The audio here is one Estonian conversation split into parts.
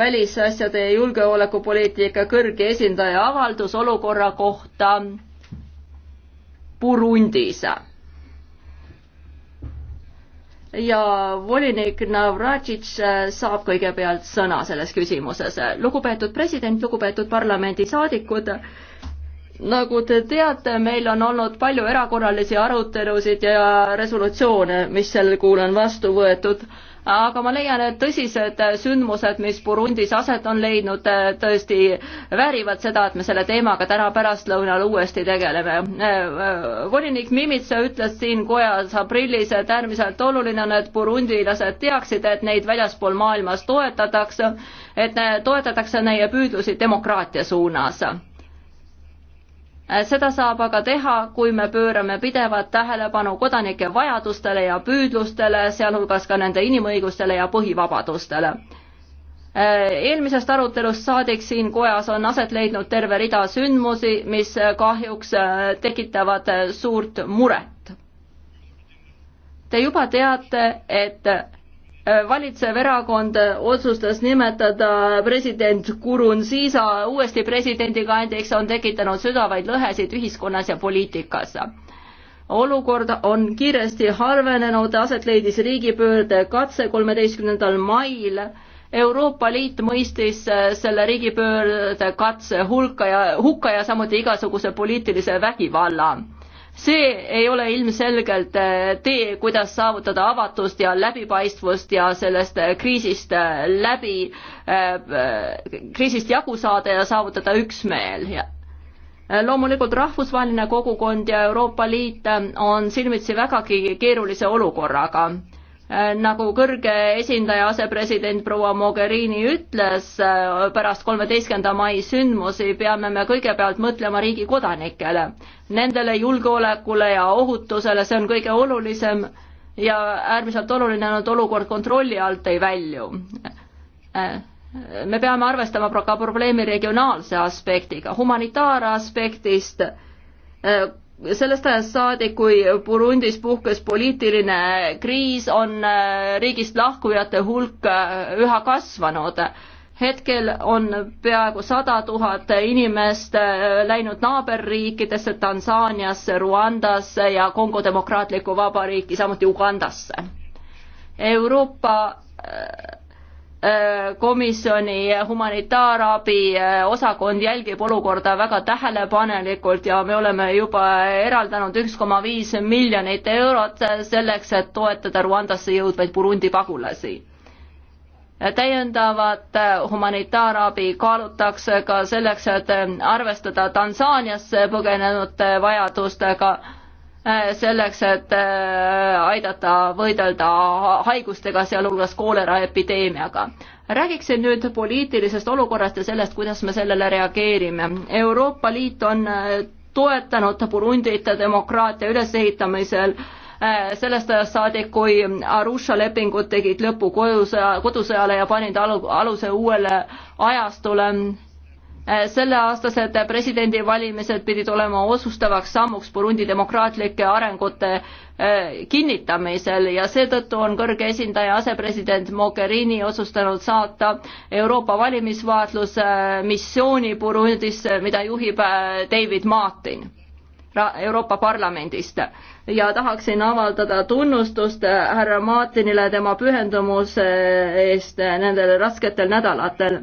välisasjade ja julgeolekupoliitika kõrge esindaja avaldus olukorra kohta Burundis. ja volinik Navratšitš saab kõigepealt sõna selles küsimuses. lugupeetud president, lugupeetud parlamendisaadikud, nagu te teate, meil on olnud palju erakorralisi arutelusid ja resolutsioone, mis sel kuul on vastu võetud aga ma leian, et tõsised sündmused, mis Burundis aset on leidnud, eh, tõesti väärivad seda, et me selle teemaga täna pärastlõunal uuesti tegeleme. Eh, eh, volinik Mimitsa ütles siin kojas aprillis, et äärmiselt oluline on, et burundilased teaksid, et neid väljaspool maailmas toetatakse, et toetatakse neie püüdlusi demokraatia suunas Äh, seda saab aga teha, kui me pöörame pidevat tähelepanu kodanike vajadustele ja püüdlustele, sealhulgas ka nende inimõigustele ja põhivabadustele äh, eelmisest arutelust saadik siin kojas on aset leidnud terve rida sündmusi, mis kahjuks äh, tekitavad suurt muret. Te juba teate, et valitsev erakond otsustas nimetada president Kurunziisa uuesti presidendikandidaadiks, on tekitanud sügavaid lõhesid ühiskonnas ja poliitikas. olukord on kiiresti halvenenud, aset leidis riigipöörde katse kolmeteistkümnendal mail. Euroopa Liit mõistis selle riigipöörde katse hulka ja hukka ja samuti igasuguse poliitilise vägivalla see ei ole ilmselgelt äh, tee, kuidas saavutada avatust ja läbipaistvust ja sellest äh, kriisist äh, läbi, kriisist jagu saada ja saavutada üksmeel ja loomulikult rahvusvaheline kogukond ja Euroopa Liit on silmitsi vägagi keerulise olukorraga Äh, nagu kõrge esindaja asepresident proua Mogherini ütles äh, pärast kolmeteistkümnenda mai sündmusi, peame me kõigepealt mõtlema riigi kodanikele, nendele julgeolekule ja ohutusele, see on kõige olulisem ja äärmiselt oluline on, et olukord kontrolli alt ei välju äh, me peame arvestama ka probleemi regionaalse aspektiga, humanitaaraspektist sellest ajast saadik, kui Burundis puhkes poliitiline kriis, on äh, riigist lahkujate hulk äh, üha kasvanud. hetkel on peaaegu sada tuhat inimest äh, läinud naaberriikidesse, Tansaaniasse, Ruandasse ja Kongo Demokraatlikku Vabariiki, samuti Ugandasse. Euroopa Äh, komisjoni humanitaarabi äh, osakond jälgib olukorda väga tähelepanelikult ja me oleme juba eraldanud üks koma viis miljonit eurot selleks, et toetada Rwandasse jõudvaid Burundi pagulasi. täiendavat äh, humanitaarabi kaalutakse ka selleks, et arvestada Tansaaniasse põgenenute vajadustega Äh, selleks, et äh, aidata võidelda haigustega, sealhulgas kooleraepideemiaga. räägiksin nüüd poliitilisest olukorrast ja sellest, kuidas me sellele reageerime. Euroopa Liit on äh, toetanud Burundit demokraatia ülesehitamisel sellest ajast saadik, kui Arusha lepingud tegid lõpu kodusõjale ja panid alu, aluse uuele ajastule Äh, selleaastased presidendivalimised pidid olema otsustavaks sammuks Burundi demokraatlike arengute äh, kinnitamisel ja seetõttu on kõrge esindaja asepresident Mogherini otsustanud saata Euroopa valimisvaatluse äh, missiooni Burundisse, mida juhib David Martin Euroopa Parlamendist ja tahaksin avaldada tunnustust härra Martinile tema pühendumuse eest nendel rasketel nädalatel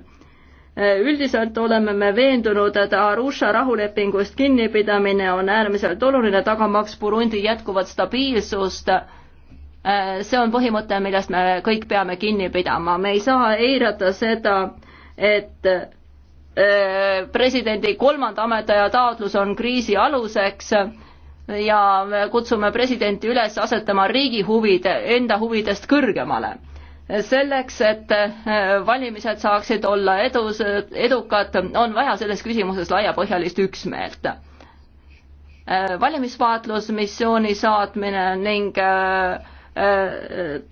Äh, üldiselt oleme me veendunud, et Arusha rahulepingust kinnipidamine on äärmiselt oluline, tagamaks Burundi jätkuvat stabiilsust. Äh, see on põhimõte, millest me kõik peame kinni pidama, me ei saa eirata seda, et äh, presidendi kolmanda ametiaja taotlus on kriisi aluseks ja me kutsume presidenti üles asetama riigi huvid enda huvidest kõrgemale selleks, et äh, valimised saaksid olla edus, edukad, on vaja selles küsimuses laiapõhjalist üksmeelt. Äh, valimisvaatlusmissiooni saatmine ning äh,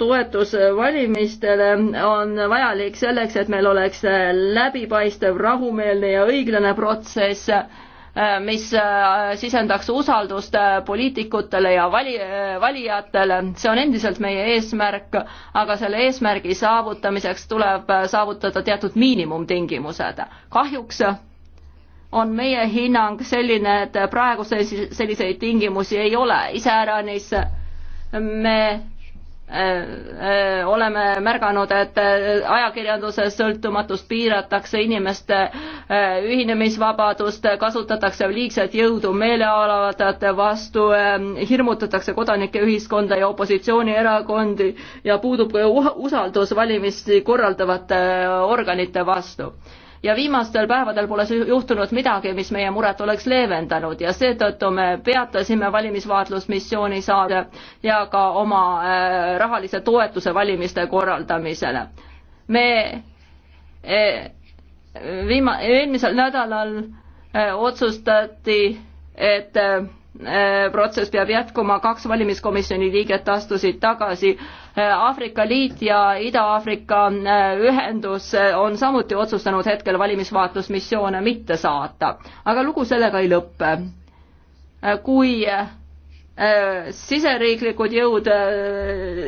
toetus valimistele on vajalik selleks, et meil oleks läbipaistev, rahumeelne ja õiglane protsess Äh, mis äh, sisendaks usaldust äh, poliitikutele ja vali, valijatele, see on endiselt meie eesmärk, aga selle eesmärgi saavutamiseks tuleb saavutada teatud miinimumtingimused. kahjuks on meie hinnang selline, et praegu selliseid tingimusi ei ole, iseäranis me Äh, äh, oleme märganud, et äh, ajakirjanduses sõltumatust piiratakse, inimeste ühinemisvabadust, kasutatakse liigset jõudu meeleavaldajate vastu, hirmutatakse kodanike ühiskonda ja opositsioonierakondi ja puudub usaldus valimisi korraldavate organite vastu ja viimastel päevadel pole juhtunud midagi, mis meie muret oleks leevendanud ja seetõttu me peatasime valimisvaatlusmissiooni saade ja ka oma äh, rahalise toetuse valimiste korraldamisele. me äh, viima-, eelmisel nädalal äh, otsustati, et Äh, protsess peab jätkuma, kaks valimiskomisjoni liiget astusid tagasi. Äh, Aafrika Liit ja Ida-Aafrika äh, Ühendus on samuti otsustanud hetkel valimisvaatlusmissioone mitte saata, aga lugu sellega ei lõppe. kui siseriiklikud jõud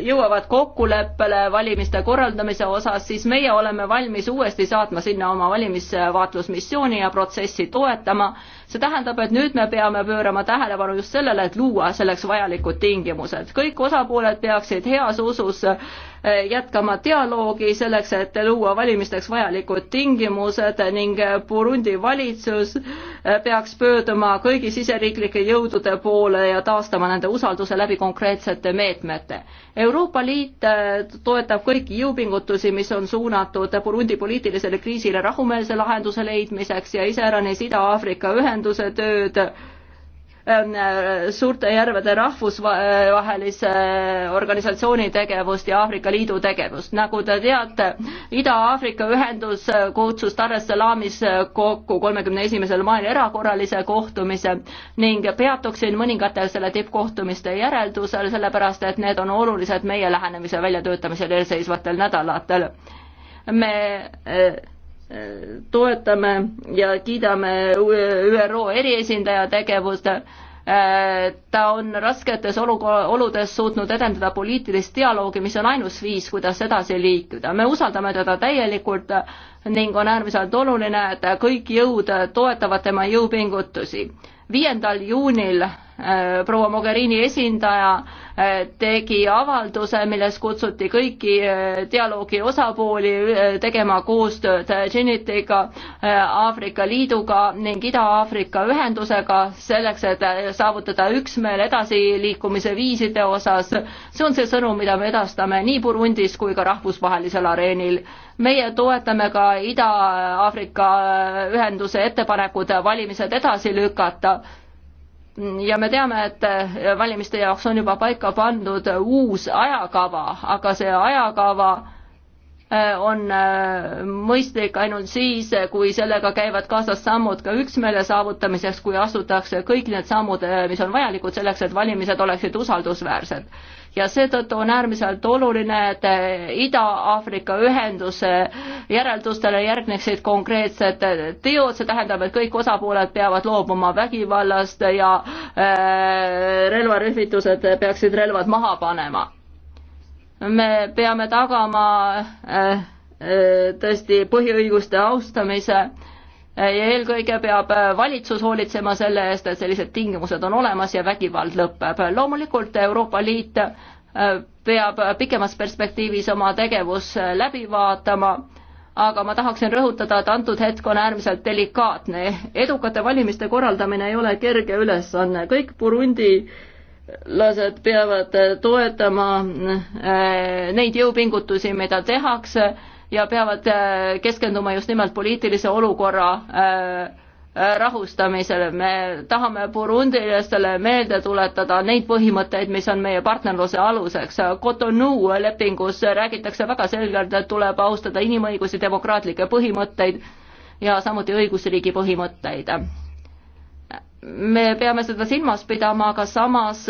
jõuavad kokkuleppele valimiste korraldamise osas, siis meie oleme valmis uuesti saatma sinna oma valimisvaatlusmissiooni ja protsessi toetama see tähendab, et nüüd me peame pöörama tähelepanu just sellele, et luua selleks vajalikud tingimused. kõik osapooled peaksid heas usus eh, jätkama dialoogi selleks, et luua valimisteks vajalikud tingimused ning Burundi valitsus eh, peaks pöörduma kõigi siseriiklike jõudude poole ja taastama nende usalduse läbi konkreetsete meetmete. Euroopa Liit eh, toetab kõiki jõupingutusi, mis on suunatud Burundi poliitilisele kriisile rahumeelse lahenduse leidmiseks ja iseäranis Ida-Aafrika ühendamiseks, ühenduse tööd ähm, suurte järvede rahvusvahelise organisatsiooni tegevust ja Aafrika Liidu tegevust. nagu te teate, Ida-Aafrika ühendus kutsus Tarres Salamis kokku kolmekümne esimesel mail erakorralise kohtumise ning peatuksin mõningatel selle tippkohtumiste järeldusel, sellepärast et need on olulised meie lähenemise väljatöötamisel eelseisvatel nädalatel. me äh, toetame ja kiidame ÜRO eriesindaja tegevust. ta on rasketes oludes suutnud edendada poliitilist dialoogi, mis on ainus viis, kuidas edasi liikuda. me usaldame teda täielikult ning on äärmiselt oluline, et kõik jõud toetavad tema jõupingutusi. viiendal juunil Äh, proua Mogherini esindaja äh, tegi avalduse, milles kutsuti kõiki äh, dialoogi osapooli tegema koostööd Djinnitiga, Aafrika Liiduga ning Ida-Aafrika Ühendusega selleks, et saavutada üksmeel edasiliikumise viiside osas. see on see sõnum, mida me edastame nii Burundis kui ka rahvusvahelisel areenil. meie toetame ka Ida-Aafrika Ühenduse ettepanekut valimised edasi lükata ja me teame, et äh, valimiste jaoks on juba paika pandud uus ajakava, aga see ajakava äh, on äh, mõistlik ainult siis, kui sellega käivad kaasas sammud ka üksmeele saavutamiseks, kui astutakse kõik need sammud, mis on vajalikud selleks, et valimised oleksid usaldusväärsed ja seetõttu on äärmiselt oluline, et Ida-Aafrika ühenduse järeldustele järgneksid konkreetsed teod, see tähendab, et kõik osapooled peavad loobuma vägivallast ja äh, relvarühmitused peaksid relvad maha panema. me peame tagama äh, äh, tõesti põhiõiguste austamise ja eelkõige peab äh, valitsus hoolitsema selle eest, et sellised tingimused on olemas ja vägivald lõpeb. loomulikult Euroopa Liit äh, peab pikemas perspektiivis oma tegevus äh, läbi vaatama, aga ma tahaksin rõhutada, et antud hetk on äärmiselt delikaatne. edukate valimiste korraldamine ei ole kerge ülesanne, kõik Burundi lased peavad toetama neid jõupingutusi, mida tehakse ja peavad äh, keskenduma just nimelt poliitilise olukorra äh, äh, rahustamisele, me tahame burundilastele meelde tuletada neid põhimõtteid, mis on meie partnerluse aluseks. Cotonou lepingus räägitakse väga selgelt, et tuleb austada inimõigusi, demokraatlikke põhimõtteid ja samuti õigusriigi põhimõtteid. me peame seda silmas pidama, aga samas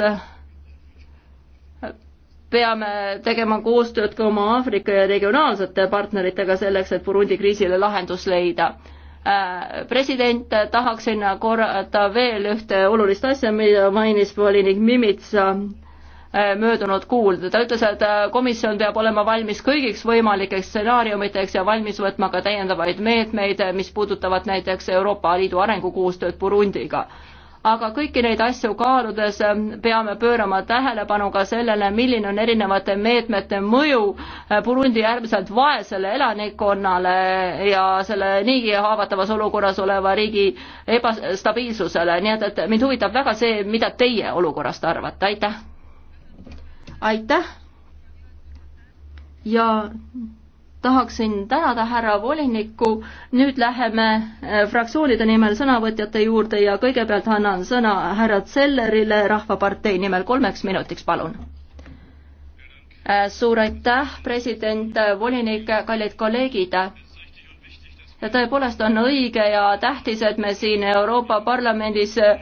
peame tegema koostööd ka oma Aafrika ja regionaalsete partneritega selleks, et Burundi kriisile lahendus leida. Äh, president, tahaksin korrata veel ühte olulist asja, mida mainis volinik Mimitsa äh, möödunud kuul. ta ütles, et äh, komisjon peab olema valmis kõigiks võimalikeks stsenaariumiteks ja valmis võtma ka täiendavaid meetmeid, mis puudutavad näiteks Euroopa Liidu arengukoostööd Burundiga aga kõiki neid asju kaaludes ähm, peame pöörama tähelepanu ka sellele, milline on erinevate meetmete mõju äh, Burundi äärmiselt vaesele elanikkonnale ja selle niigi haavatavas olukorras oleva riigi ebastabiilsusele, nii et, et mind huvitab väga see, mida teie olukorrast arvate, aitäh! aitäh! ja tahaksin tänada härra volinikku, nüüd läheme äh, fraktsioonide nimel sõnavõtjate juurde ja kõigepealt annan sõna härra Zellerile Rahvapartei nimel kolmeks minutiks, palun. Äh, suur aitäh, president, äh, volinik, kallid kolleegid ja tõepoolest on õige ja tähtis, et me siin Euroopa Parlamendis äh,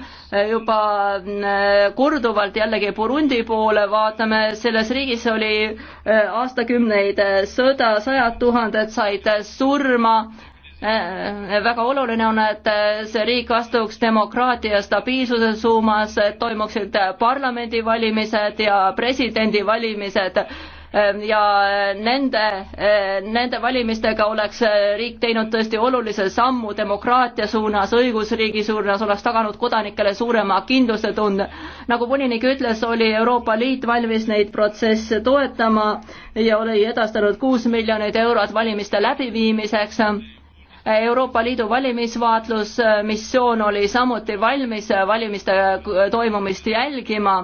juba äh, korduvalt jällegi Burundi poole vaatame, selles riigis oli äh, aastakümneid sõda, sajad tuhanded said surma, väga oluline on, et see riik astuks demokraatia stabiilsuse suunas, et toimuksid parlamendivalimised ja presidendivalimised Ehm, ja eh, nende, eh, nende valimistega oleks eh, riik teinud tõesti olulise sammu demokraatia suunas, õigusriigi suunas, oleks taganud kodanikele suurema kindlusetunde. nagu volinik ütles, oli Euroopa Liit valmis neid protsesse toetama ja oli edastanud kuus miljonit eurot valimiste läbiviimiseks Euroopa Liidu valimisvaatlusmissioon oli samuti valmis valimiste toimumist jälgima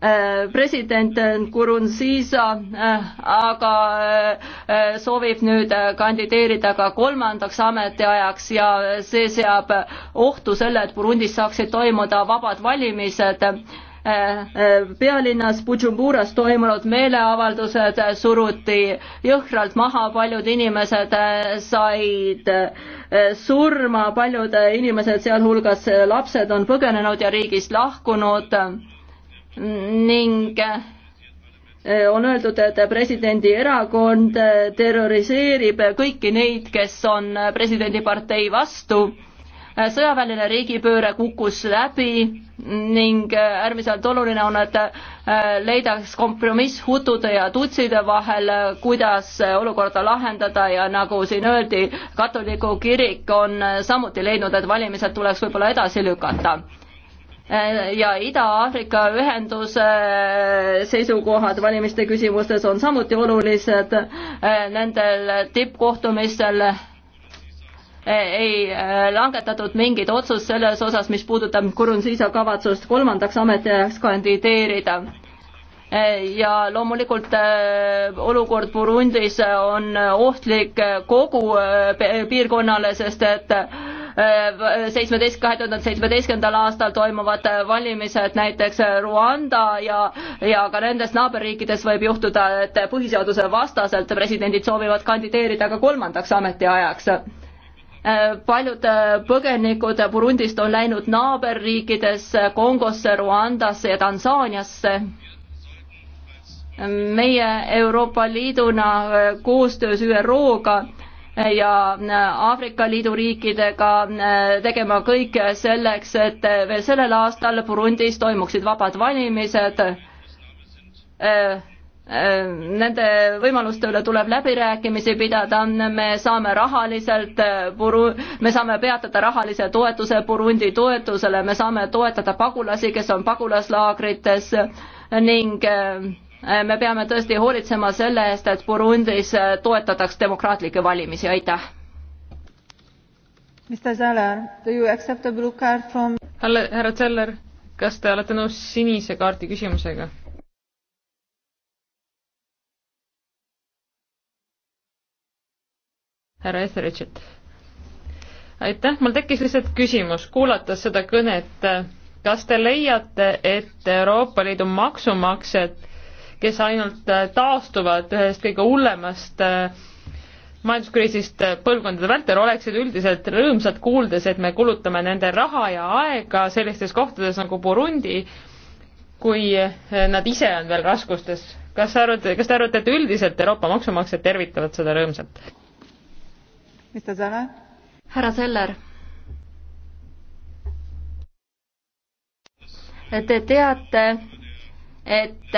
Äh, president Nkurunziza äh, aga äh, soovib nüüd kandideerida ka kolmandaks ametiajaks ja see seab ohtu selle, et Burundis saaksid toimuda vabad valimised pealinnas Bujumburas toimunud meeleavaldused suruti jõhkralt maha, paljud inimesed said surma, paljud inimesed, sealhulgas lapsed, on põgenenud ja riigist lahkunud ning äh, on öeldud, et presidendi erakond äh, terroriseerib kõiki neid, kes on äh, presidendipartei vastu. sõjaväeline riigipööre kukkus läbi ning äärmiselt oluline on, et leidaks kompromiss hutude ja tutside vahel, kuidas olukorda lahendada ja nagu siin öeldi, katoliku kirik on samuti leidnud, et valimised tuleks võib-olla edasi lükata Äh, ja Ida-Aafrika ühenduse äh, seisukohad valimiste küsimustes on samuti olulised äh, nendel tippkohtumistel ei langetatud mingeid otsust selles osas, mis puudutab Kurunziisa kavatsust kolmandaks ametiajaks kandideerida. ja loomulikult olukord Burundis on ohtlik kogu piirkonnale, sest et seitsmeteist, kahe tuhande seitsmeteistkümnendal aastal toimuvad valimised näiteks Rwanda ja, ja ka nendes naaberriikides võib juhtuda, et põhiseaduse vastaselt presidendid soovivad kandideerida ka kolmandaks ametiajaks paljud põgenikud Burundist on läinud naaberriikidesse, Kongosse, Rwandasse ja Tansaaniasse. meie Euroopa Liiduna koostöös ÜRO-ga ja äh, Aafrika Liidu riikidega äh, tegema kõik selleks, et veel sellel aastal Burundis toimuksid vabad valimised. Äh, nende võimaluste üle tuleb läbirääkimisi pidada, me saame rahaliselt Buru-, me saame peatada rahalise toetuse Burundi toetusele, me saame toetada pagulasi, kes on pagulaslaagrites ning Äh, me peame tõesti hoolitsema selle eest, et Burundis äh, toetataks demokraatlikke valimisi, aitäh. härra Zeller, kas te olete nõus sinise kaardi küsimusega? härra Etheridge'it. aitäh, mul tekkis lihtsalt küsimus, kuulates seda kõnet, kas te leiate, et Euroopa Liidu maksumaksjad kes ainult äh, taastuvad ühest kõige hullemast äh, majanduskriisist äh, põlvkondade vältel, oleksid üldiselt rõõmsad, kuuldes, et me kulutame nende raha ja aega sellistes kohtades nagu Burundi, kui nad ise on veel raskustes. kas sa arvad, kas te arvate, et üldiselt Euroopa maksumaksjad tervitavad seda rõõmsalt? härra Seller te teate, et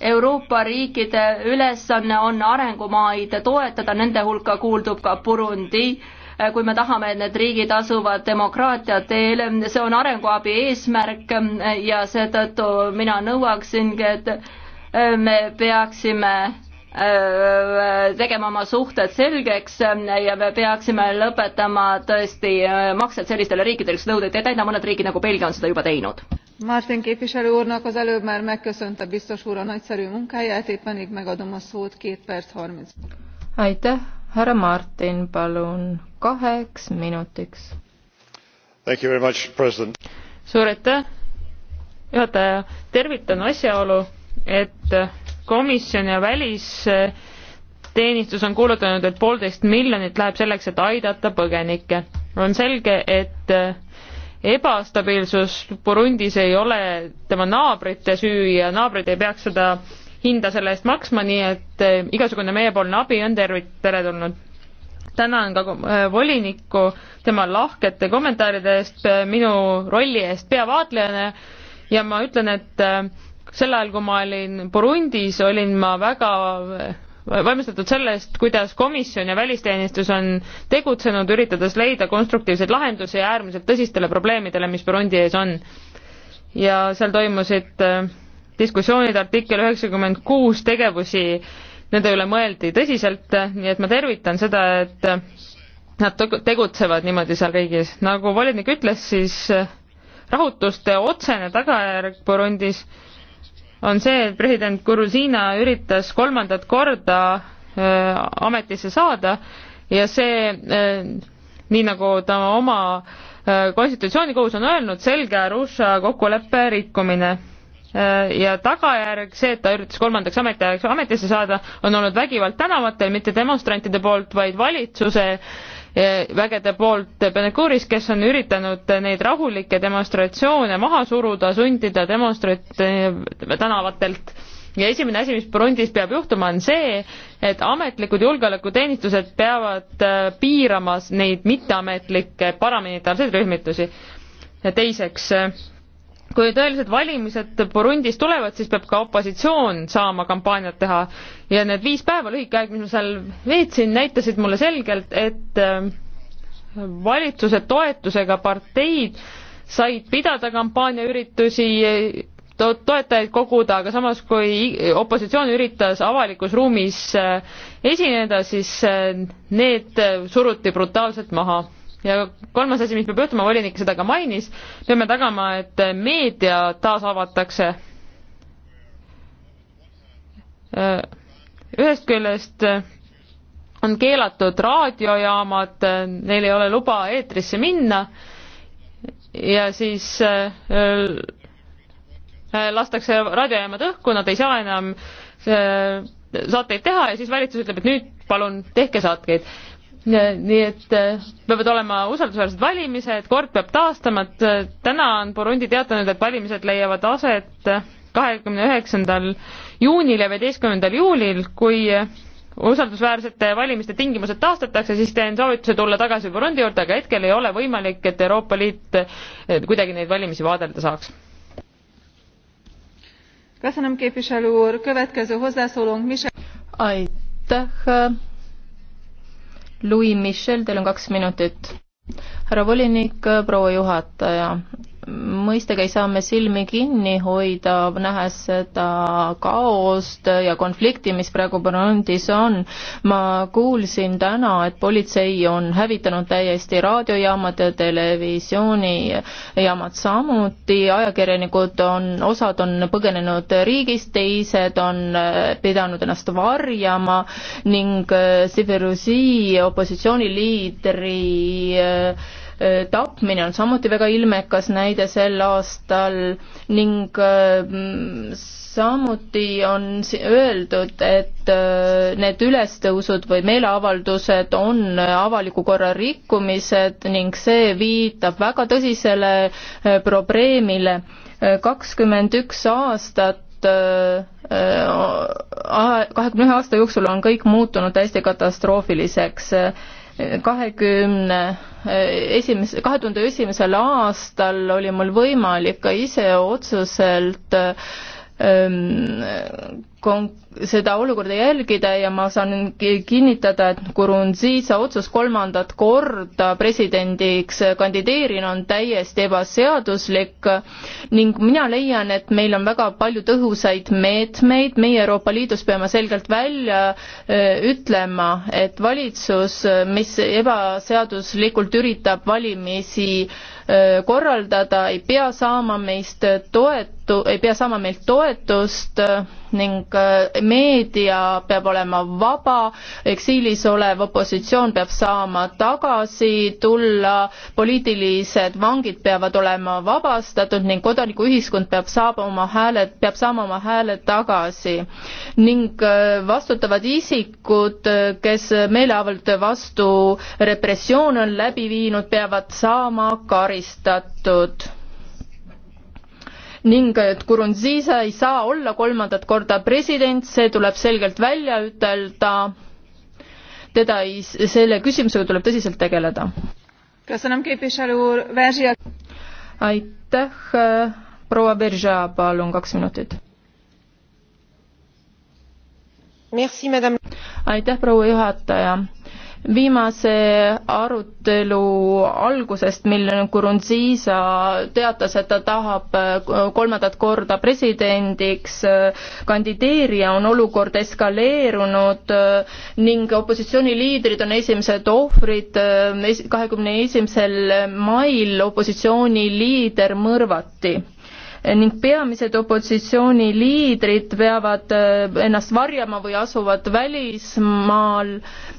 Euroopa riikide ülesanne on arengumaid toetada, nende hulka kuuldub ka Burundi, kui me tahame, et need riigid asuvad demokraatia teele, see on arenguabi eesmärk ja seetõttu mina nõuaksingi, et äh, me peaksime äh, tegema oma suhted selgeks ja me peaksime lõpetama tõesti äh, maksed sellistele riikidele, kes nõudeid ei täida, mõned riigid nagu Belgia on seda juba teinud martin képviselő úrnak az előbb már megköszönte biztos úr a nagyszerű munkáját épp pedig megadom a szót két perc harminc. aitäh härra martin palun kaheks minutiks. Thank you very much, president. suur aitäh juhataja tervitan asjaolu et komisjon ja välisteenistus on kuulutanud et poolteist miljonit läheb selleks et aidata põgenikke on selge et ebastabiilsus Burundis ei ole tema naabrite süü ja naabrid ei peaks seda hinda selle eest maksma, nii et eh, igasugune meiepoolne abi on tervit-, teretulnud. tänan ka eh, volinikku tema lahkete kommentaaride eest, eh, minu rolli eest peavaatlejana ja ma ütlen, et sel ajal, kui ma olin Burundis, olin ma väga vaimsustatud sellest, kuidas komisjon ja välisteenistus on tegutsenud, üritades leida konstruktiivseid lahendusi äärmiselt tõsistele probleemidele, mis Burundi ees on. ja seal toimusid äh, diskussioonid artikkel üheksakümmend kuus tegevusi, nende üle mõeldi tõsiselt, äh, nii et ma tervitan seda, et äh, nad tegutsevad niimoodi seal riigis. nagu volinik ütles, siis rahutuste otsene tagajärg Burundis on see, et president Gruziina üritas kolmandat korda ametisse saada ja see, nii nagu ta oma konstitutsioonikohus on öelnud, selge Arusha kokkuleppe rikkumine ja tagajärg, see, et ta üritas kolmandaks ametiajaks ametisse saada, on olnud vägivald tänavatel, mitte demonstrantide poolt, vaid valitsuse vägede poolt Benekuris, kes on üritanud neid rahulikke demonstratsioone maha suruda, sundida demonstrante äh, tänavatelt ja esimene asi, mis Burundis peab juhtuma, on see, et ametlikud julgeolekuteenistused peavad äh, piirama neid mitteametlikke paramilitaarseid rühmitusi. ja teiseks äh, kui tõelised valimised Burundis tulevad, siis peab ka opositsioon saama kampaaniat teha ja need viis päeva, lühike aeg, mis ma seal veetsin, näitasid mulle selgelt, et äh, valitsuse toetusega parteid said pidada kampaaniaüritusi to, toetajaid koguda, aga samas, kui opositsioon üritas avalikus ruumis äh, esineda, siis äh, need suruti brutaalselt maha ja kolmas asi, mis peab juhtuma, volinik seda ka mainis, peame tagama, et meedia taasavatakse. Äh, ühest küljest on keelatud raadiojaamad, neil ei ole luba eetrisse minna ja siis äh, lastakse raadiojaamad õhku, nad ei saa enam äh, saateid teha ja siis valitsus ütleb, et nüüd palun tehke saateid nii et äh, peavad olema usaldusväärsed valimised, kord peab taastama, et äh, täna on Burundi teatanud, et valimised leiavad aset kahekümne üheksandal juunil ja viieteistkümnendal juulil, kui äh, usaldusväärsete valimiste tingimused taastatakse, siis teen soovituse tulla tagasi Burundi juurde, aga hetkel ei ole võimalik, et Euroopa Liit kuidagi neid valimisi vaadelda saaks. aitäh Louis Michel, teil on kaks minutit. härra volinik, proua juhataja, mõistagi ei saa me silmi kinni hoida, nähes seda kaost ja konflikti, mis praegu Burundis on. ma kuulsin täna, et politsei on hävitanud täiesti raadiojaamad ja televisioonijaamad samuti, ajakirjanikud on, osad on põgenenud riigist, teised on eh, pidanud ennast varjama ning eh, Siberusi opositsiooniliidri eh, Äh, tapmine on samuti väga ilmekas näide sel aastal ning äh, samuti on öeldud, et äh, need ülestõusud või meeleavaldused on avaliku korra rikkumised ning see viitab väga tõsisele probleemile. kakskümmend üks aastat kahekümne ühe aasta jooksul on kõik muutunud täiesti katastroofiliseks kahekümne eh, esimese, kahe tuhande esimesel aastal oli mul võimalik ka ise otseselt ähm, kon-, seda olukorda jälgida ja ma saan kinnitada, et Kurunziisa otsus kolmandat korda presidendiks kandideerina on täiesti ebaseaduslik ning mina leian, et meil on väga palju tõhusaid meetmeid, meie Euroopa Liidus peame selgelt välja ütlema, et valitsus, mis ebaseaduslikult üritab valimisi korraldada, ei pea saama meist toetu-, ei pea saama meilt toetust ning ning äh, meedia peab olema vaba, eksiilis olev opositsioon peab saama tagasi tulla, poliitilised vangid peavad olema vabastatud ning kodanikuühiskond peab saama oma hääled, peab saama oma hääled tagasi. ning äh, vastutavad isikud, äh, kes meeleavalduste vastu repressioone on läbi viinud, peavad saama karistatud ning et Kurunziisa ei saa olla kolmandat korda president, see tuleb selgelt välja ütelda. teda ei, selle küsimusega tuleb tõsiselt tegeleda. aitäh, proua Berža, palun kaks minutit. aitäh, proua juhataja viimase arutelu algusest, mil Kurunziisa teatas, et ta tahab äh, kolmandat korda presidendiks äh, kandideerija, on olukord eskaleerunud äh, ning opositsiooniliidrid on esimesed ohvrid. kahekümne esimesel mail opositsiooniliider mõrvati ning peamised opositsiooniliidrid peavad äh, ennast varjama või asuvad välismaal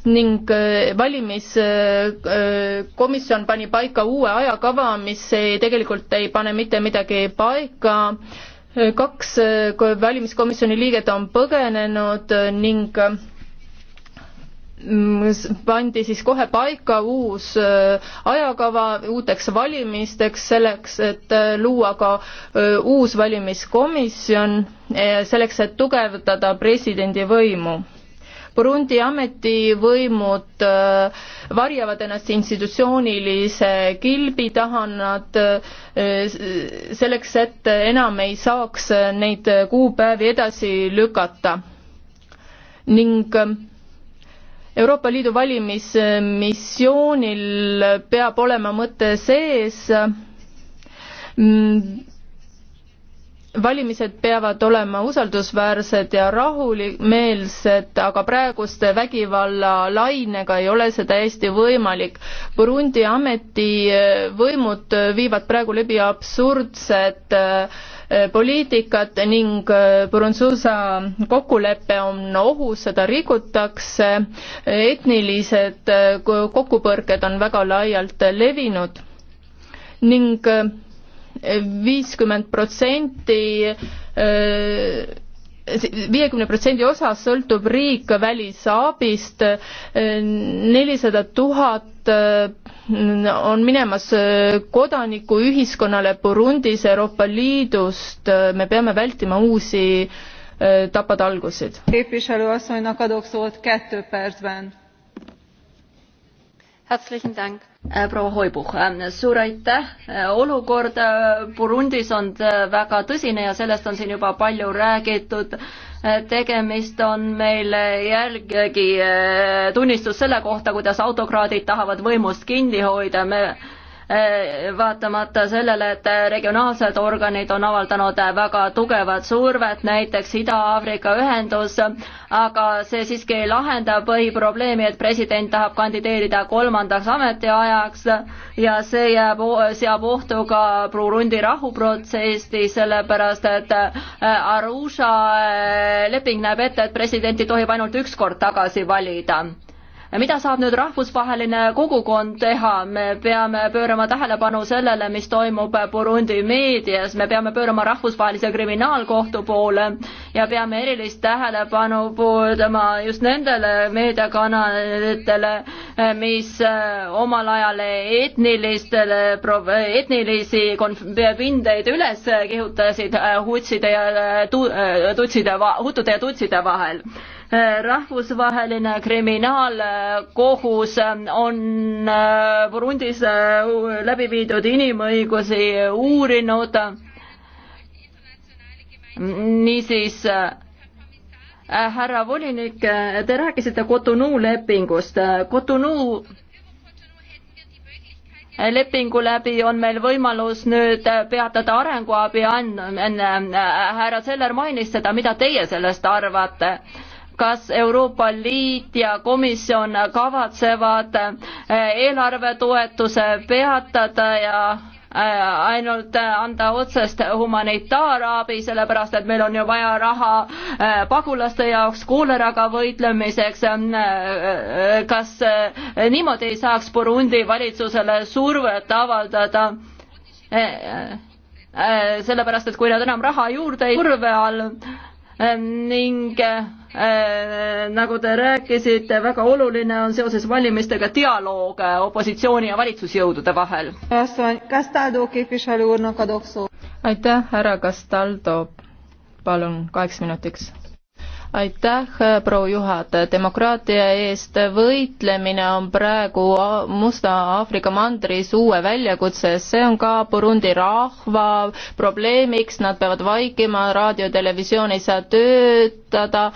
ning äh, valimiskomisjon äh, pani paika uue ajakava, mis ei, tegelikult ei pane mitte midagi paika kaks valimiskomisjoni liiget on põgenenud ning pandi siis kohe paika uus äh, ajakava uuteks valimisteks, selleks et äh, luua ka äh, uus valimiskomisjon, selleks et tugevdada presidendi võimu. Burundi ametivõimud varjavad ennast institutsioonilise kilbi taha, nad selleks, et enam ei saaks neid kuupäevi edasi lükata. ning Euroopa Liidu valimismissioonil peab olema mõte sees, mm, valimised peavad olema usaldusväärsed ja rahumeelsed, aga praeguste vägivallalainega ei ole see täiesti võimalik. Burundi ametivõimud viivad praegu läbi absurdset äh, Äh, poliitikat ning äh, Brunsusa kokkulepe on ohus, seda rikutakse, etnilised äh, kokkupõrked on väga laialt levinud ning viiskümmend protsenti viiekümne protsendi osas sõltub riik välisabist, nelisada tuhat Äh, on minemas äh, kodanikuühiskonnale Burundis, Euroopa Liidust, äh, me peame vältima uusi tapatalgusid. herzlichen Dank Äh, proua Hoibuh, äh, suur aitäh, äh, olukord Burundis on väga tõsine ja sellest on siin juba palju räägitud tegemist on meil jällegi tunnistus selle kohta, kuidas autokraadid tahavad võimust kinni hoida, me Eh, vaatamata sellele, et regionaalsed organid on avaldanud väga tugevat survet, näiteks Ida-Aafrika Ühendus, aga see siiski ei lahenda põhiprobleemi, et president tahab kandideerida kolmandaks ametiajaks ja see jääb, seab ohtu ka Burundi rahuprotsessi, sellepärast et eh, Arusha eh, leping näeb ette, et presidenti tohib ainult üks kord tagasi valida mida saab nüüd rahvusvaheline kogukond teha, me peame pöörama tähelepanu sellele, mis toimub Burundi meedias, me peame pöörama rahvusvahelise kriminaalkohtu poole ja peame erilist tähelepanu pöörama just nendele meediakanalitele, mis eh, omal ajal etnilistele, etnilisi pindeid üles kihutasid eh, hutside ja eh, tu-, tutside, hutude ja tutside vahel rahvusvaheline kriminaalkohus on äh, Burundis äh, läbi viidud inimõigusi uurinud. niisiis äh, härra volinik, te rääkisite Cotonou lepingust. Cotonou lepingu läbi on meil võimalus nüüd peatada arenguabi andmine. härra Seller mainis seda, mida teie sellest arvate? kas Euroopa Liit ja komisjon kavatsevad eh, eelarvetoetuse peatada ja eh, ainult eh, anda otsest humanitaarabi, sellepärast et meil on ju vaja raha pagulaste jaoks, kooleraga võitlemiseks. kas niimoodi ei saaks Burundi valitsusele survet avaldada? sellepärast, et kui nad enam raha juurde ei turve all, Ehm, ning eh, nagu te rääkisite, väga oluline on seoses valimistega dialoog eh, opositsiooni ja valitsusjõudude vahel. aitäh, härra Castaldo, palun kaheks minutiks aitäh, proua juhataja, demokraatia eest võitlemine on praegu Musta Aafrika mandris uue väljakutse, see on ka Burundi rahva probleemiks, nad peavad vaikima, raadio, televisioon ei saa töötada,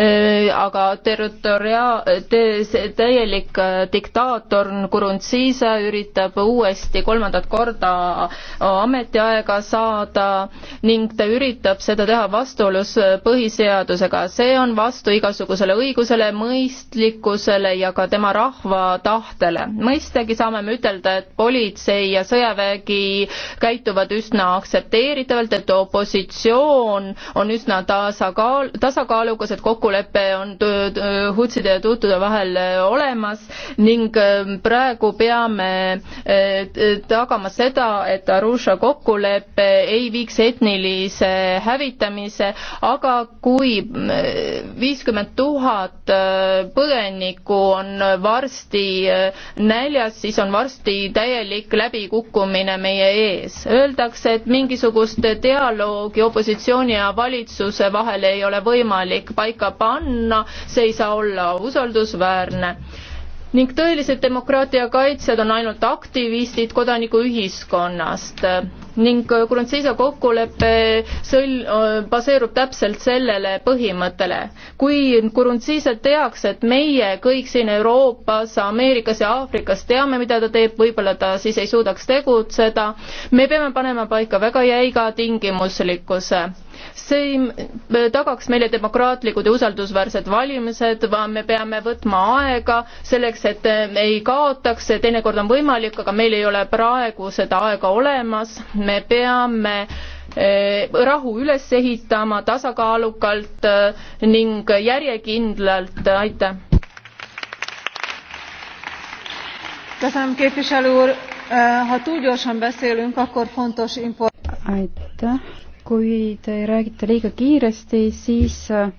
eh, aga territoria- te,, täielik eh, diktaator Nkurunziisa üritab uuesti kolmandat korda eh, ametiaega saada ning ta üritab seda teha vastuolus põhiseadusega see on vastu igasugusele õigusele, mõistlikkusele ja ka tema rahva tahtele. mõistagi saame me ütelda, et politsei ja sõjavägi käituvad üsna aktsepteeritavalt, et opositsioon on üsna tasakaal, tasakaalukas, et kokkulepe on hutside ja tuutude vahel olemas ning ähm, praegu peame äh, tagama seda, et Arusha kokkulepe ei viiks etnilise hävitamise, aga kui viiskümmend tuhat äh, põgenikku on varsti äh, näljas, siis on varsti täielik läbikukkumine meie ees. Öeldakse, et mingisugust dialoogi opositsiooni ja valitsuse vahel ei ole võimalik paika panna, see ei saa olla usaldusväärne ning tõelised demokraatia kaitsjad on ainult aktivistid kodanikuühiskonnast ning äh, Kurantseisa kokkulepe sõl-, äh, baseerub täpselt sellele põhimõttele. kui Kurantseisa teaks, et meie kõik siin Euroopas, Ameerikas ja Aafrikas teame, mida ta teeb, võib-olla ta siis ei suudaks tegutseda, me peame panema paika väga jäiga tingimuslikkuse see ei tagaks meile demokraatlikud ja usaldusväärsed valimised, vaan me peame võtma aega selleks, et äh, ei kaotaks, see teinekord on võimalik, aga meil ei ole praegu seda aega olemas, me peame äh, rahu üles ehitama tasakaalukalt äh, ning järjekindlalt, aitäh. aitäh kui te räägite liiga kiiresti, siis äh,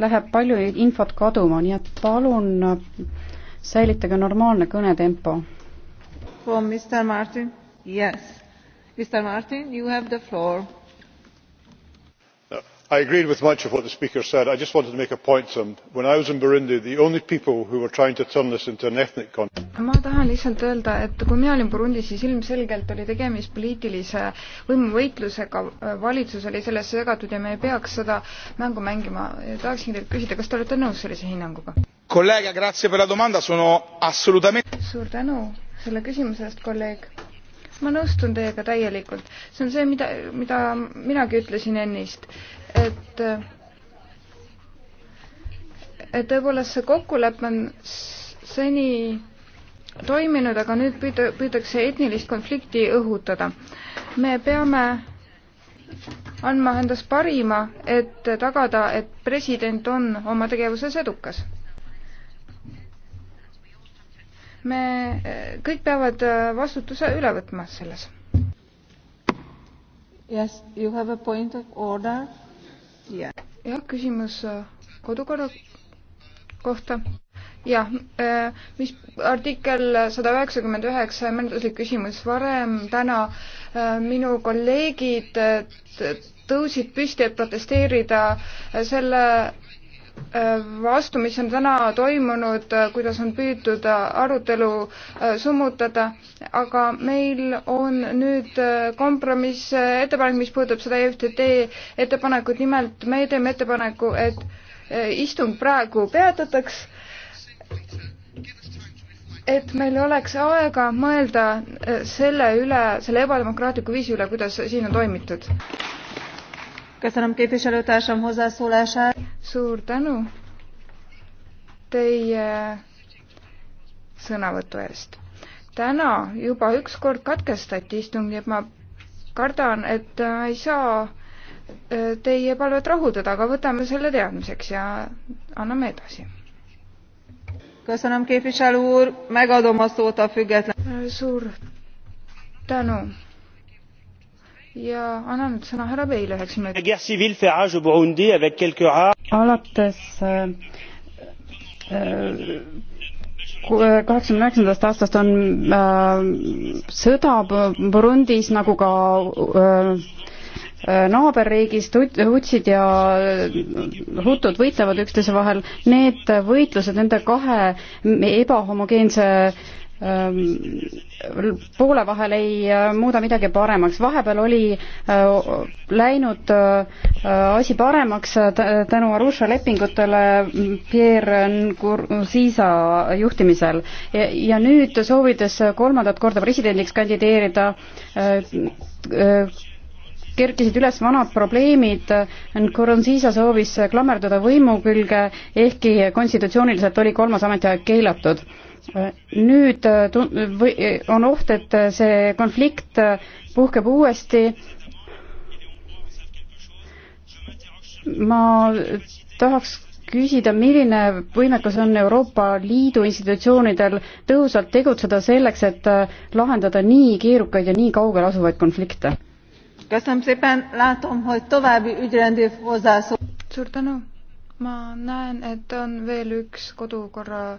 läheb palju infot kaduma, nii et palun äh, säilitage normaalne kõnetempo. Mr Martin, yes. Mr Martin, you have the floor i agreed with much of what the speaker said. i just wanted to make a point. Um, when i was in burundi the only people who were trying to turn this into an ethnic conflict. ma tahan lihtsalt öelda et kui mina olin burundis siis ilmselgelt oli tegemist poliitilise võimuvõitlusega valitsus oli sellesse segatud ja me ei peaks seda mängu mängima. tahaksin teilt küsida kas te olete nõus sellise hinnanguga? suur tänu selle küsimuse eest kolleeg ma nõustun teiega täielikult. see on see, mida, mida minagi ütlesin ennist, et et tõepoolest see kokkulepe on seni toiminud, aga nüüd püüda, püütakse etnilist konflikti õhutada. me peame andma endast parima, et tagada, et president on oma tegevuses edukas me eh, kõik peavad eh, vastutuse üle võtma selles. Yes, you have a point of order yeah.. jah, küsimus eh, kodukorra kohta. jah, mis artikkel sada üheksakümmend üheksa, menetluslik küsimus, varem täna minu kolleegid tõusid püsti, et protesteerida selle Äh, vastu, mis on täna toimunud, äh, kuidas on püütud äh, arutelu summutada, aga meil on nüüd kompromissettepanek, mis puudutab seda EFTT ettepanekut, nimelt me teeme ettepaneku, et istung praegu peatataks, et meil oleks aega mõelda selle üle, selle ebademokraatliku viisi üle, kuidas siin on toimitud köszönöm képviselőtársam hozzászólását. suur tänu teie sõnavõtu eest. täna juba üks kord katkestati istung, nii et ma kardan, et ma ei saa e, teie palvet rahuldada, aga võtame selle teadmiseks ja anname edasi. köszönöm képviselő úr, megadom a szót a független. suur tänu ja annan nüüd sõna härra Peile üheks minutiks. alates äh, äh, kaheksakümne üheksandast aastast on äh, sõda Burundis nagu ka äh, naaberriigis hutsid ja äh, hutud võitlevad üksteise vahel, need võitlused nende kahe ebahomogeense Ehm, poole vahel ei äh, muuda midagi paremaks. vahepeal oli äh, läinud äh, asi paremaks tänu Arusha lepingutele mm, Pierre Nkurunziza juhtimisel ja nüüd soovides kolmandat korda presidendiks kandideerida kerkisid üles vanad probleemid, Nkurunziza soovis klammerduda võimu külge, ehkki konstitutsiooniliselt oli kolmas ametiaeg keelatud nüüd äh, või äh, on oht, et äh, see konflikt puhkeb uuesti. ma tahaks küsida, milline võimekus on Euroopa Liidu institutsioonidel tõhusalt tegutseda selleks, et lahendada nii keerukaid ja nii kaugel asuvaid konflikte? suur tänu. ma näen, et on veel üks kodukorra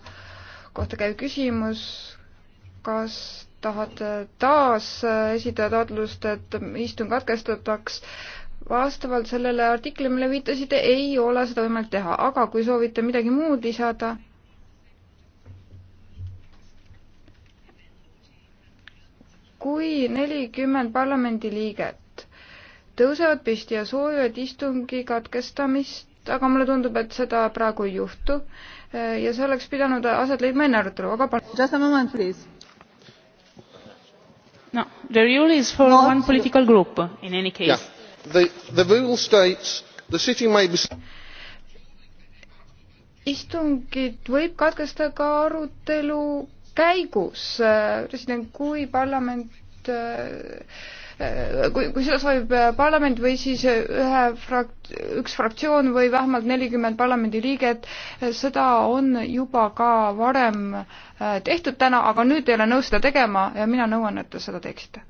kohta käiv küsimus, kas tahate taas esitada taotlust, et istung katkestataks? vastavalt sellele artiklile, mille viitasite, ei ole seda võimalik teha, aga kui soovite midagi muud lisada, kui nelikümmend parlamendiliiget tõusevad püsti ja soovivad istungi katkestamist, aga mulle tundub, et seda praegu ei juhtu, Eh, ja see oleks pidanud aset leidma enne arutelu, aga palun. Just a moment, please. No, the rule is for no, one political group in any case yeah.. The, the rule states the sitting may be istungit võib katkestada ka arutelu käigus. Eh, president, kui parlament äh, Äh, kui, kui seda soovib äh, parlament või siis äh, ühe frak-, üks fraktsioon või vähemalt nelikümmend parlamendiliiget, seda on juba ka varem tehtud täna, aga nüüd ei ole nõus seda tegema ja mina nõuan, et te seda teeksite.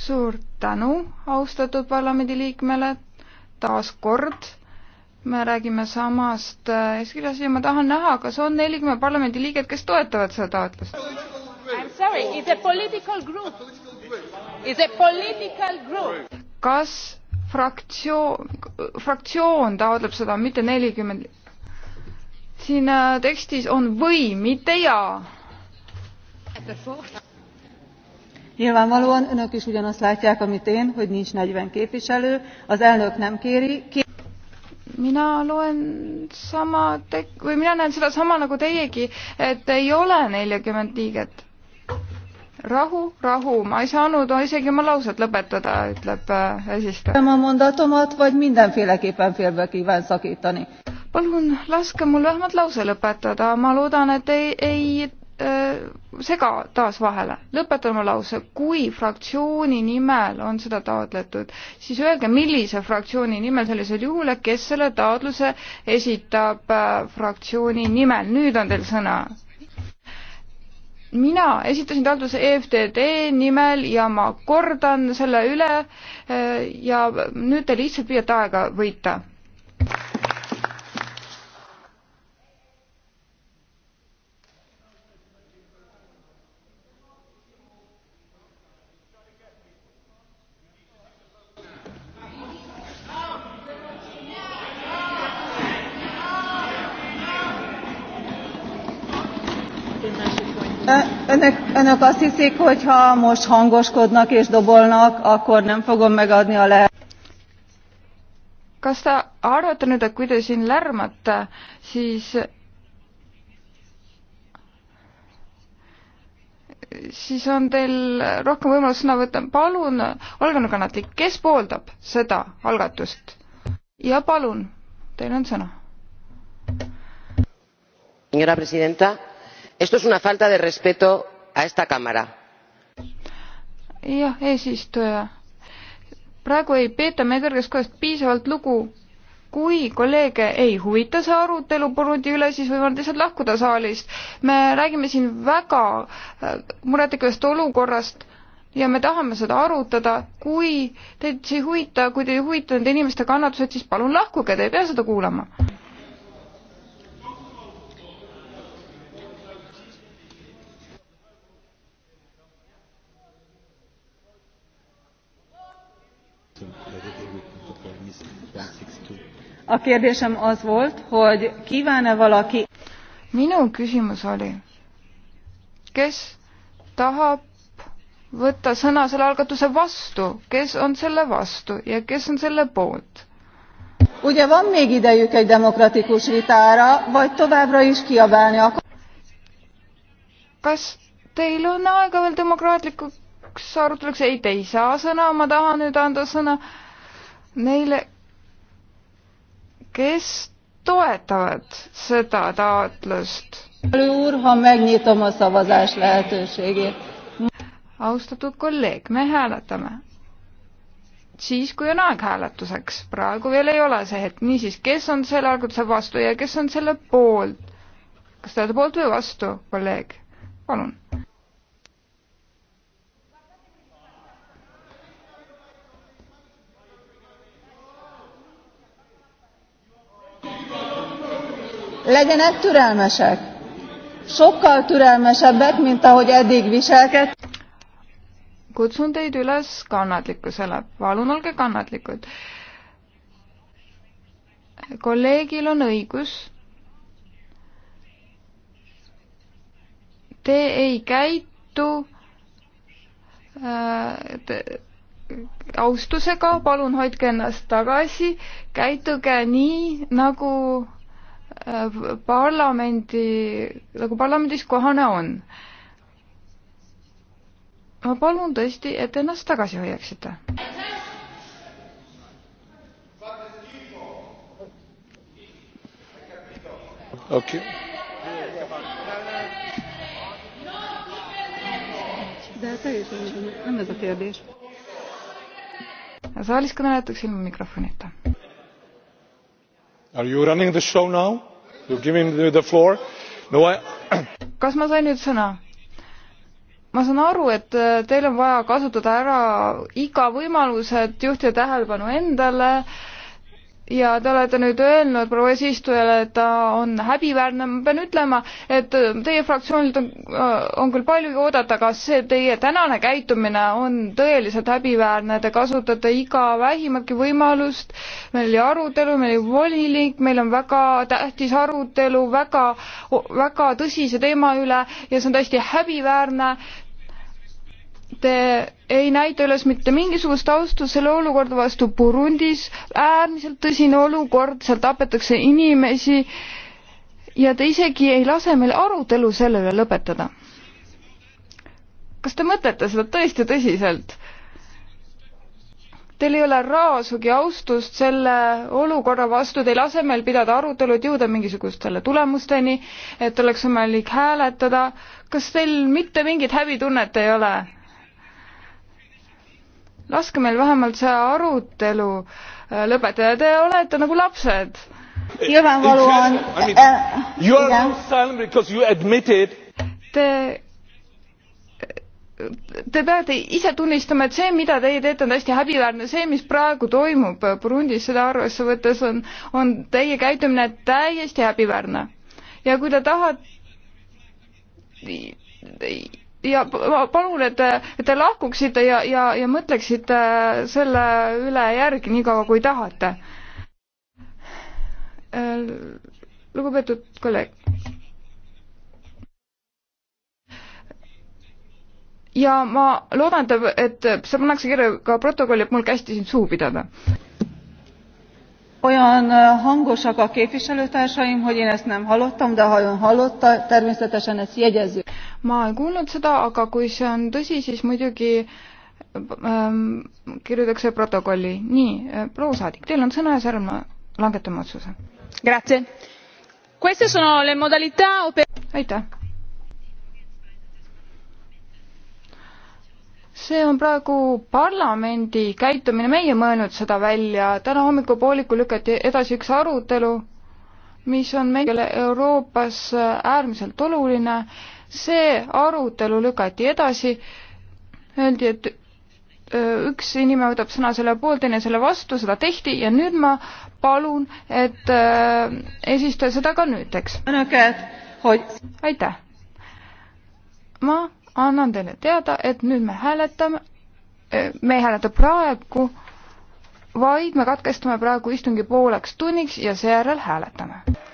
suur tänu austatud parlamendiliikmele taas kord me räägime samast äh, eeskirjas ja ma tahan näha, kas on nelikümmend parlamendiliiget, kes toetavad seda taotlust. kas fraktsioon, fraktsioon taotleb seda, mitte nelikümmend. siin äh, tekstis on või, mitte ja. Nyilvánvalóan önök is ugyanazt látják, amit én, hogy nincs 40 képviselő, az elnök nem kéri. Kér mina loen sama tek-, või mina näen sedasama nagu teiegi, et ei ole neljakümmet liiget. rahu, rahu, ma ei saanud isegi oma lauset lõpetada, ütleb eesistuja. Äh, palun laske mul vähemalt lause lõpetada, ma loodan, et ei, ei Äh, sega taas vahele, lõpetan oma lause, kui fraktsiooni nimel on seda taotletud, siis öelge, millise fraktsiooni nimel sellisel juhul ja kes selle taotluse esitab äh, fraktsiooni nimel, nüüd on teil sõna. mina esitasin taotluse EFTD nimel ja ma kordan selle üle äh, ja nüüd te lihtsalt püüate aega võita önök azt hiszik hogy ha most hangoskodnak és dobolnak akkor nem fogom megadni a lehetőséget? kas te arvate nüüd, et kui te siin lärmate, siis, siis on teil rohkem võimalust sõna võtta. palun, olge nüüd kannatlik, kes pooldab seda algatust? ja palun, teil on sõna. Señora presidenta, esto es una falta de respeto a esta cámara. jah, eesistuja. praegu ei peeta me kõrgest piisavalt lugu kui kolleege ei huvita see arutelu Burundi üle, siis võivad lihtsalt lahkuda saalist. me räägime siin väga äh, murettekivast olukorrast ja me tahame seda arutada, kui teid see ei huvita, kui teid ei huvita nende inimeste kannatused, siis palun lahkuge, te ei pea seda kuulama A kérdésem az volt, hogy kíván-e valaki... Minu küsimus oli, kes tahab võtta sõna selle algatuse vastu, kes on selle vastu ja kes on selle poolt? Ugye van még idejük egy demokratikus vitára, vagy továbbra is kiabálni akar? Kas teil on aega veel demokraatlikuks aruteluks? Ei, te ei saa sõna, ma tahan nüüd anda sõna äh, neile, kes toetavad seda taotlust. austatud kolleeg, me hääletame. siis, kui on aeg hääletuseks, praegu veel ei ole see hetk, niisiis, kes on selle algatuse vastu ja kes on selle poolt? kas te olete poolt või vastu, kolleeg? palun legyenek türelmesek. Sokkal türelmesebbek, mint ahogy eddig viselkedt. Kutsun teid üles kannatlikkusele. Palun olge kannatlikud. Kolleegil on õigus. Te ei käitu äh, te, austusega, palun hoidke ennast tagasi, käituge nii, nagu Äh, parlamendi, nagu parlamendis kohane on. ma palun tõesti, et ennast tagasi hoiaksite. okei okay.. saalis kõneletakse ilma mikrofonita. Are you running the show now? No, I... kas ma sain nüüd sõna? ma saan aru, et äh, teil on vaja kasutada ära iga võimalus, et juhtida tähelepanu endale äh, ja te olete nüüd öelnud proua eesistujale, et ta on häbiväärne, ma pean ütlema, et teie fraktsioonilt on, äh, on küll palju oodata, aga see teie tänane käitumine on tõeliselt häbiväärne, te kasutate iga vähimatki võimalust, meil oli arutelu, meil oli volinik, meil on väga tähtis arutelu väga, väga tõsise teema üle ja see on täiesti häbiväärne Te eh, ei näita üles mitte mingisugust austust selle olukorda vastu Burundis, äärmiselt tõsine olukord, seal tapetakse inimesi ja te isegi ei lase meil arutelu selle üle lõpetada. kas te mõtlete seda tõesti tõsiselt? Teil ei ole raasugi austust selle olukorra vastu, teil asemel pidada arutelu, et jõuda mingisugustele tulemusteni, et oleks võimalik hääletada. kas teil mitte mingit häbitunnet ei ole? laske meil vähemalt see arutelu äh, lõpetada, te olete nagu lapsed. Uh, te, te peate ise tunnistama, et see, mida teie teete, on täiesti häbiväärne, see, mis praegu toimub Burundis, seda arvesse võttes on, on teie käitumine täiesti häbiväärne. ja kui te tahate ja palun, et te, et te lahkuksite ja, ja, ja mõtleksite selle üle järgi nii kaua, kui tahate. Äh, lugupeetud kolleeg. ja ma loodan, et, et see pannakse kirja ka protokolli, et mul kästi siin suu pidada. Olyan äh, hangosak a képviselőtársaim, hogy én ezt nem hallottam, de ha ön hallotta, természetesen ezt jegyezzük ma ei kuulnud seda, aga kui see on tõsi, siis muidugi ähm, kirjutatakse protokolli. nii, äh, proua saadik, teil on sõna ja seal me langetame otsuse. aitäh. see on praegu parlamendi käitumine, meie ei mõelnud seda välja, täna hommikupoolikul lükati edasi üks arutelu, mis on meile Euroopas äärmiselt oluline see arutelu lükati edasi, öeldi, et üks inimene võtab sõna selle poolt, teine selle vastu, seda tehti ja nüüd ma palun, et äh, eesistuja seda ka nüüd teeks. aitäh. ma annan teile teada, et nüüd me hääletame, me ei hääleta praegu, vaid me katkestame praegu istungi pooleks tunniks ja seejärel hääletame.